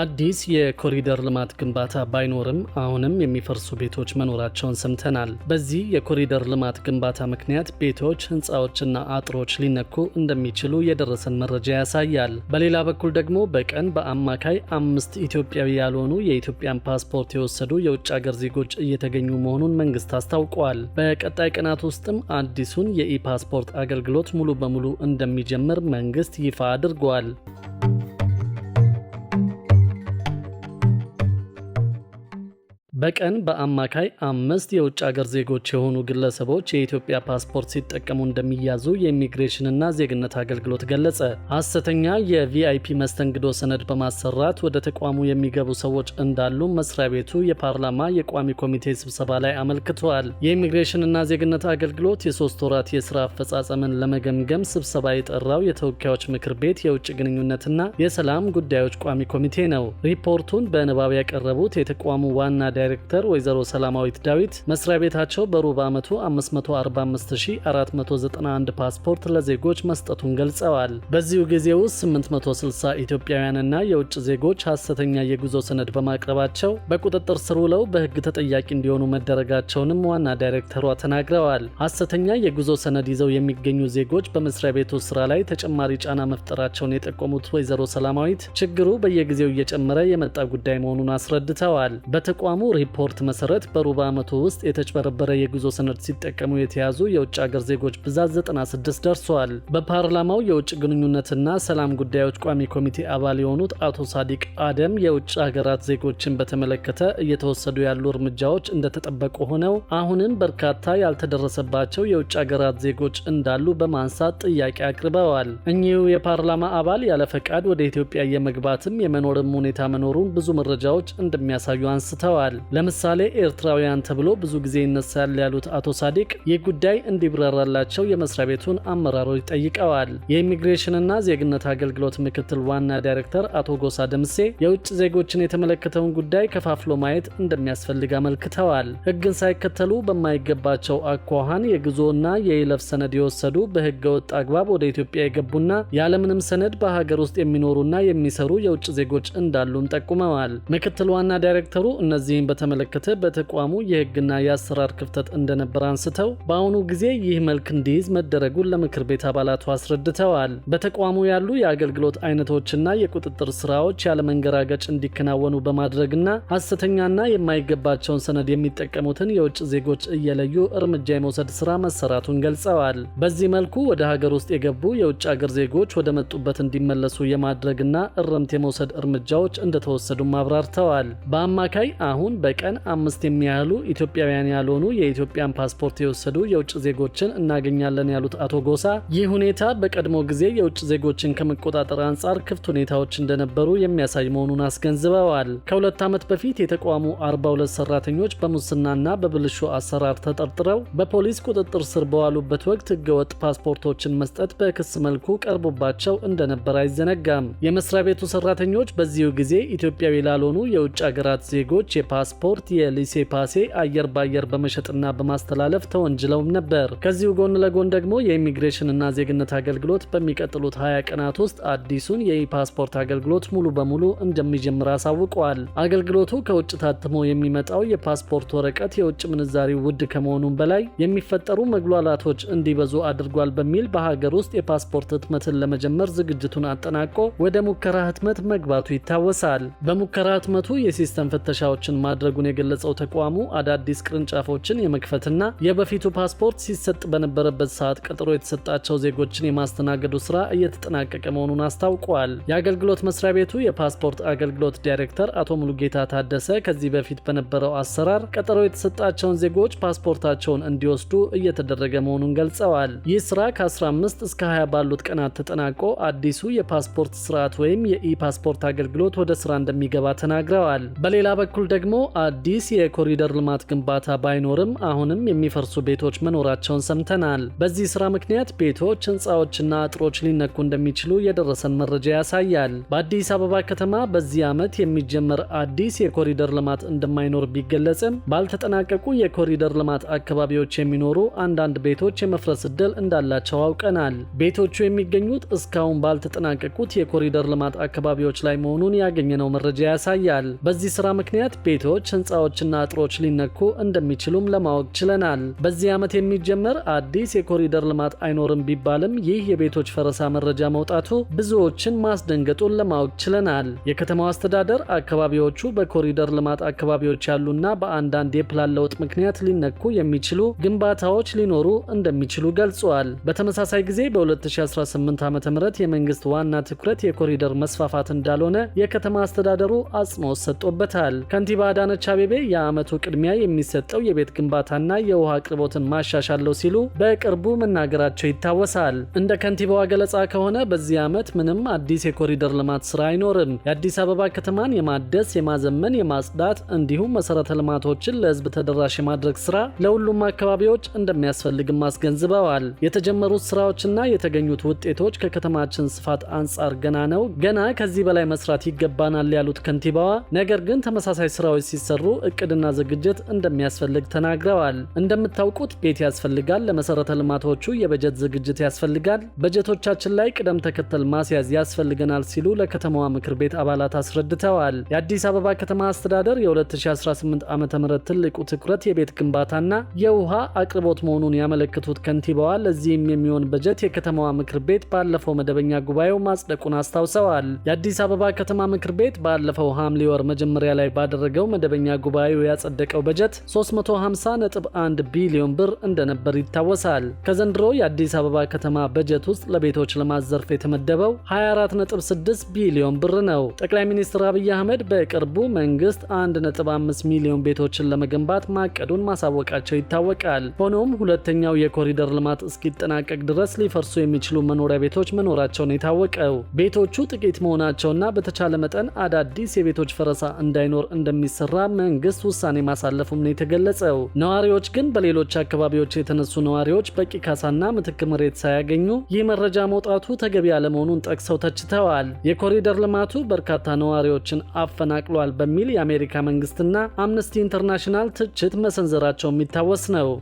አዲስ የኮሪደር ልማት ግንባታ ባይኖርም አሁንም የሚፈርሱ ቤቶች መኖራቸውን ሰምተናል። በዚህ የኮሪደር ልማት ግንባታ ምክንያት ቤቶች፣ ህንፃዎችና አጥሮች ሊነኩ እንደሚችሉ የደረሰን መረጃ ያሳያል። በሌላ በኩል ደግሞ በቀን በአማካይ አምስት ኢትዮጵያዊ ያልሆኑ የኢትዮጵያን ፓስፖርት የወሰዱ የውጭ ሀገር ዜጎች እየተገኙ መሆኑን መንግስት አስታውቋል። በቀጣይ ቀናት ውስጥም አዲሱን የኢ ፓስፖርት አገልግሎት ሙሉ በሙሉ እንደሚጀምር መንግስት ይፋ አድርጓል። በቀን በአማካይ አምስት የውጭ አገር ዜጎች የሆኑ ግለሰቦች የኢትዮጵያ ፓስፖርት ሲጠቀሙ እንደሚያዙ የኢሚግሬሽንና ዜግነት አገልግሎት ገለጸ። ሐሰተኛ የቪአይፒ መስተንግዶ ሰነድ በማሰራት ወደ ተቋሙ የሚገቡ ሰዎች እንዳሉ መስሪያ ቤቱ የፓርላማ የቋሚ ኮሚቴ ስብሰባ ላይ አመልክተዋል። የኢሚግሬሽንና ዜግነት አገልግሎት የሶስት ወራት የስራ አፈጻጸምን ለመገምገም ስብሰባ የጠራው የተወካዮች ምክር ቤት የውጭ ግንኙነትና የሰላም ጉዳዮች ቋሚ ኮሚቴ ነው። ሪፖርቱን በንባብ ያቀረቡት የተቋሙ ዋና ዳይሬክተር ዳይሬክተር ወይዘሮ ሰላማዊት ዳዊት መስሪያ ቤታቸው በሩብ ዓመቱ 545491 ፓስፖርት ለዜጎች መስጠቱን ገልጸዋል። በዚሁ ጊዜ ውስጥ 860 ኢትዮጵያውያንና የውጭ ዜጎች ሐሰተኛ የጉዞ ሰነድ በማቅረባቸው በቁጥጥር ስር ውለው በሕግ ተጠያቂ እንዲሆኑ መደረጋቸውንም ዋና ዳይሬክተሯ ተናግረዋል። ሐሰተኛ የጉዞ ሰነድ ይዘው የሚገኙ ዜጎች በመስሪያ ቤቱ ስራ ላይ ተጨማሪ ጫና መፍጠራቸውን የጠቆሙት ወይዘሮ ሰላማዊት ችግሩ በየጊዜው እየጨመረ የመጣ ጉዳይ መሆኑን አስረድተዋል። በተቋሙ ሪፖርት መሰረት በሩብ ዓመቱ ውስጥ የተጭበረበረ የጉዞ ሰነድ ሲጠቀሙ የተያዙ የውጭ አገር ዜጎች ብዛት 96 ደርሰዋል። በፓርላማው የውጭ ግንኙነትና ሰላም ጉዳዮች ቋሚ ኮሚቴ አባል የሆኑት አቶ ሳዲቅ አደም የውጭ ሀገራት ዜጎችን በተመለከተ እየተወሰዱ ያሉ እርምጃዎች እንደተጠበቁ ሆነው አሁንም በርካታ ያልተደረሰባቸው የውጭ ሀገራት ዜጎች እንዳሉ በማንሳት ጥያቄ አቅርበዋል። እኚሁ የፓርላማ አባል ያለፈቃድ ወደ ኢትዮጵያ የመግባትም የመኖርም ሁኔታ መኖሩን ብዙ መረጃዎች እንደሚያሳዩ አንስተዋል። ለምሳሌ ኤርትራውያን ተብሎ ብዙ ጊዜ ይነሳል ያሉት አቶ ሳዲቅ ይህ ጉዳይ እንዲብራራላቸው የመስሪያ ቤቱን አመራሮች ጠይቀዋል። የኢሚግሬሽንና ዜግነት አገልግሎት ምክትል ዋና ዳይሬክተር አቶ ጎሳ ደምሴ የውጭ ዜጎችን የተመለከተውን ጉዳይ ከፋፍሎ ማየት እንደሚያስፈልግ አመልክተዋል። ህግን ሳይከተሉ በማይገባቸው አኳኋን የጉዞና የይለፍ ሰነድ የወሰዱ በህገ ወጥ አግባብ ወደ ኢትዮጵያ የገቡና ያለምንም ሰነድ በሀገር ውስጥ የሚኖሩና የሚሰሩ የውጭ ዜጎች እንዳሉም ጠቁመዋል። ምክትል ዋና ዳይሬክተሩ እነዚህም በተመለከተ በተቋሙ የህግና የአሰራር ክፍተት እንደነበር አንስተው በአሁኑ ጊዜ ይህ መልክ እንዲይዝ መደረጉን ለምክር ቤት አባላቱ አስረድተዋል። በተቋሙ ያሉ የአገልግሎት አይነቶችና የቁጥጥር ስራዎች ያለመንገራገጭ እንዲከናወኑ በማድረግና ሐሰተኛና የማይገባቸውን ሰነድ የሚጠቀሙትን የውጭ ዜጎች እየለዩ እርምጃ የመውሰድ ስራ መሰራቱን ገልጸዋል። በዚህ መልኩ ወደ ሀገር ውስጥ የገቡ የውጭ ሀገር ዜጎች ወደ መጡበት እንዲመለሱ የማድረግና እረምት የመውሰድ እርምጃዎች እንደተወሰዱም አብራርተዋል። በአማካይ አሁን በቀን አምስት የሚያህሉ ኢትዮጵያውያን ያልሆኑ የኢትዮጵያን ፓስፖርት የወሰዱ የውጭ ዜጎችን እናገኛለን ያሉት አቶ ጎሳ ይህ ሁኔታ በቀድሞ ጊዜ የውጭ ዜጎችን ከመቆጣጠር አንጻር ክፍት ሁኔታዎች እንደነበሩ የሚያሳይ መሆኑን አስገንዝበዋል። ከሁለት ዓመት በፊት የተቋሙ 42 ሰራተኞች በሙስናና በብልሹ አሰራር ተጠርጥረው በፖሊስ ቁጥጥር ስር በዋሉበት ወቅት ህገወጥ ፓስፖርቶችን መስጠት በክስ መልኩ ቀርቦባቸው እንደነበር አይዘነጋም። የመስሪያ ቤቱ ሰራተኞች በዚሁ ጊዜ ኢትዮጵያዊ ላልሆኑ የውጭ ሀገራት ዜጎች የፓስ ስፖርት የሊሴ ፓሴ አየር በአየር በመሸጥና በማስተላለፍ ተወንጅለውም ነበር። ከዚሁ ጎን ለጎን ደግሞ የኢሚግሬሽንና ዜግነት አገልግሎት በሚቀጥሉት 20 ቀናት ውስጥ አዲሱን የኢፓስፖርት አገልግሎት ሙሉ በሙሉ እንደሚጀምር አሳውቀዋል። አገልግሎቱ ከውጭ ታትሞ የሚመጣው የፓስፖርት ወረቀት የውጭ ምንዛሪ ውድ ከመሆኑም በላይ የሚፈጠሩ መግሏላቶች እንዲበዙ አድርጓል በሚል በሀገር ውስጥ የፓስፖርት ህትመትን ለመጀመር ዝግጅቱን አጠናቆ ወደ ሙከራ ህትመት መግባቱ ይታወሳል። በሙከራ ህትመቱ የሲስተም ፍተሻዎችን ማድረግ ማድረጉን የገለጸው ተቋሙ አዳዲስ ቅርንጫፎችን የመክፈትና የበፊቱ ፓስፖርት ሲሰጥ በነበረበት ሰዓት ቀጠሮ የተሰጣቸው ዜጎችን የማስተናገዱ ስራ እየተጠናቀቀ መሆኑን አስታውቋል። የአገልግሎት መስሪያ ቤቱ የፓስፖርት አገልግሎት ዳይሬክተር አቶ ሙሉጌታ ታደሰ ከዚህ በፊት በነበረው አሰራር ቀጠሮ የተሰጣቸውን ዜጎች ፓስፖርታቸውን እንዲወስዱ እየተደረገ መሆኑን ገልጸዋል። ይህ ስራ ከ15 እስከ 20 ባሉት ቀናት ተጠናቆ አዲሱ የፓስፖርት ስርዓት ወይም የኢ ፓስፖርት አገልግሎት ወደ ስራ እንደሚገባ ተናግረዋል። በሌላ በኩል ደግሞ አዲስ የኮሪደር ልማት ግንባታ ባይኖርም አሁንም የሚፈርሱ ቤቶች መኖራቸውን ሰምተናል። በዚህ ስራ ምክንያት ቤቶች፣ ህንፃዎችና አጥሮች ሊነኩ እንደሚችሉ የደረሰን መረጃ ያሳያል። በአዲስ አበባ ከተማ በዚህ ዓመት የሚጀመር አዲስ የኮሪደር ልማት እንደማይኖር ቢገለጽም ባልተጠናቀቁ የኮሪደር ልማት አካባቢዎች የሚኖሩ አንዳንድ ቤቶች የመፍረስ እድል እንዳላቸው አውቀናል። ቤቶቹ የሚገኙት እስካሁን ባልተጠናቀቁት የኮሪደር ልማት አካባቢዎች ላይ መሆኑን ያገኘነው መረጃ ያሳያል። በዚህ ስራ ምክንያት ቤቶች ሌሎች ህንፃዎችና አጥሮች ሊነኩ እንደሚችሉም ለማወቅ ችለናል። በዚህ ዓመት የሚጀመር አዲስ የኮሪደር ልማት አይኖርም ቢባልም ይህ የቤቶች ፈረሳ መረጃ መውጣቱ ብዙዎችን ማስደንገጡን ለማወቅ ችለናል። የከተማው አስተዳደር አካባቢዎቹ በኮሪደር ልማት አካባቢዎች ያሉና በአንዳንድ የፕላን ለውጥ ምክንያት ሊነኩ የሚችሉ ግንባታዎች ሊኖሩ እንደሚችሉ ገልጿል። በተመሳሳይ ጊዜ በ2018 ዓ ም የመንግስት ዋና ትኩረት የኮሪደር መስፋፋት እንዳልሆነ የከተማ አስተዳደሩ አጽንኦት ሰጥቶበታል። ከንቲባ አዳነች አቤቤ የዓመቱ ቅድሚያ የሚሰጠው የቤት ግንባታና የውሃ አቅርቦትን ማሻሻለው ሲሉ በቅርቡ መናገራቸው ይታወሳል። እንደ ከንቲባዋ ገለጻ ከሆነ በዚህ ዓመት ምንም አዲስ የኮሪደር ልማት ስራ አይኖርም። የአዲስ አበባ ከተማን የማደስ የማዘመን፣ የማጽዳት እንዲሁም መሰረተ ልማቶችን ለህዝብ ተደራሽ የማድረግ ስራ ለሁሉም አካባቢዎች እንደሚያስፈልግም አስገንዝበዋል። የተጀመሩት ስራዎችና የተገኙት ውጤቶች ከከተማችን ስፋት አንጻር ገና ነው፣ ገና ከዚህ በላይ መስራት ይገባናል ያሉት ከንቲባዋ ነገር ግን ተመሳሳይ ስራዎች ሲሰሩ እቅድና ዝግጅት እንደሚያስፈልግ ተናግረዋል። እንደምታውቁት ቤት ያስፈልጋል፣ ለመሰረተ ልማቶቹ የበጀት ዝግጅት ያስፈልጋል፣ በጀቶቻችን ላይ ቅደም ተከተል ማስያዝ ያስፈልገናል ሲሉ ለከተማዋ ምክር ቤት አባላት አስረድተዋል። የአዲስ አበባ ከተማ አስተዳደር የ2018 ዓ ም ትልቁ ትኩረት የቤት ግንባታና የውሃ አቅርቦት መሆኑን ያመለክቱት ከንቲባዋ ለዚህም የሚሆን በጀት የከተማዋ ምክር ቤት ባለፈው መደበኛ ጉባኤው ማጽደቁን አስታውሰዋል። የአዲስ አበባ ከተማ ምክር ቤት ባለፈው ሐምሌ ወር መጀመሪያ ላይ ባደረገው መደበኛ ጉባኤው ያጸደቀው በጀት 350.1 ቢሊዮን ብር እንደነበር ይታወሳል። ከዘንድሮ የአዲስ አበባ ከተማ በጀት ውስጥ ለቤቶች ልማት ዘርፍ የተመደበው 24.6 ቢሊዮን ብር ነው። ጠቅላይ ሚኒስትር አብይ አህመድ በቅርቡ መንግስት 1.5 ሚሊዮን ቤቶችን ለመገንባት ማቀዱን ማሳወቃቸው ይታወቃል። ሆኖም ሁለተኛው የኮሪደር ልማት እስኪጠናቀቅ ድረስ ሊፈርሱ የሚችሉ መኖሪያ ቤቶች መኖራቸውን የታወቀው ቤቶቹ ጥቂት መሆናቸውና በተቻለ መጠን አዳዲስ የቤቶች ፈረሳ እንዳይኖር እንደሚሰራ ፕሮግራም መንግስት ውሳኔ ማሳለፉም ነው የተገለጸው። ነዋሪዎች ግን በሌሎች አካባቢዎች የተነሱ ነዋሪዎች በቂ ካሳና ምትክ መሬት ሳያገኙ ይህ መረጃ መውጣቱ ተገቢ አለመሆኑን ጠቅሰው ተችተዋል። የኮሪደር ልማቱ በርካታ ነዋሪዎችን አፈናቅሏል በሚል የአሜሪካ መንግስትና አምነስቲ ኢንተርናሽናል ትችት መሰንዘራቸው የሚታወስ ነው።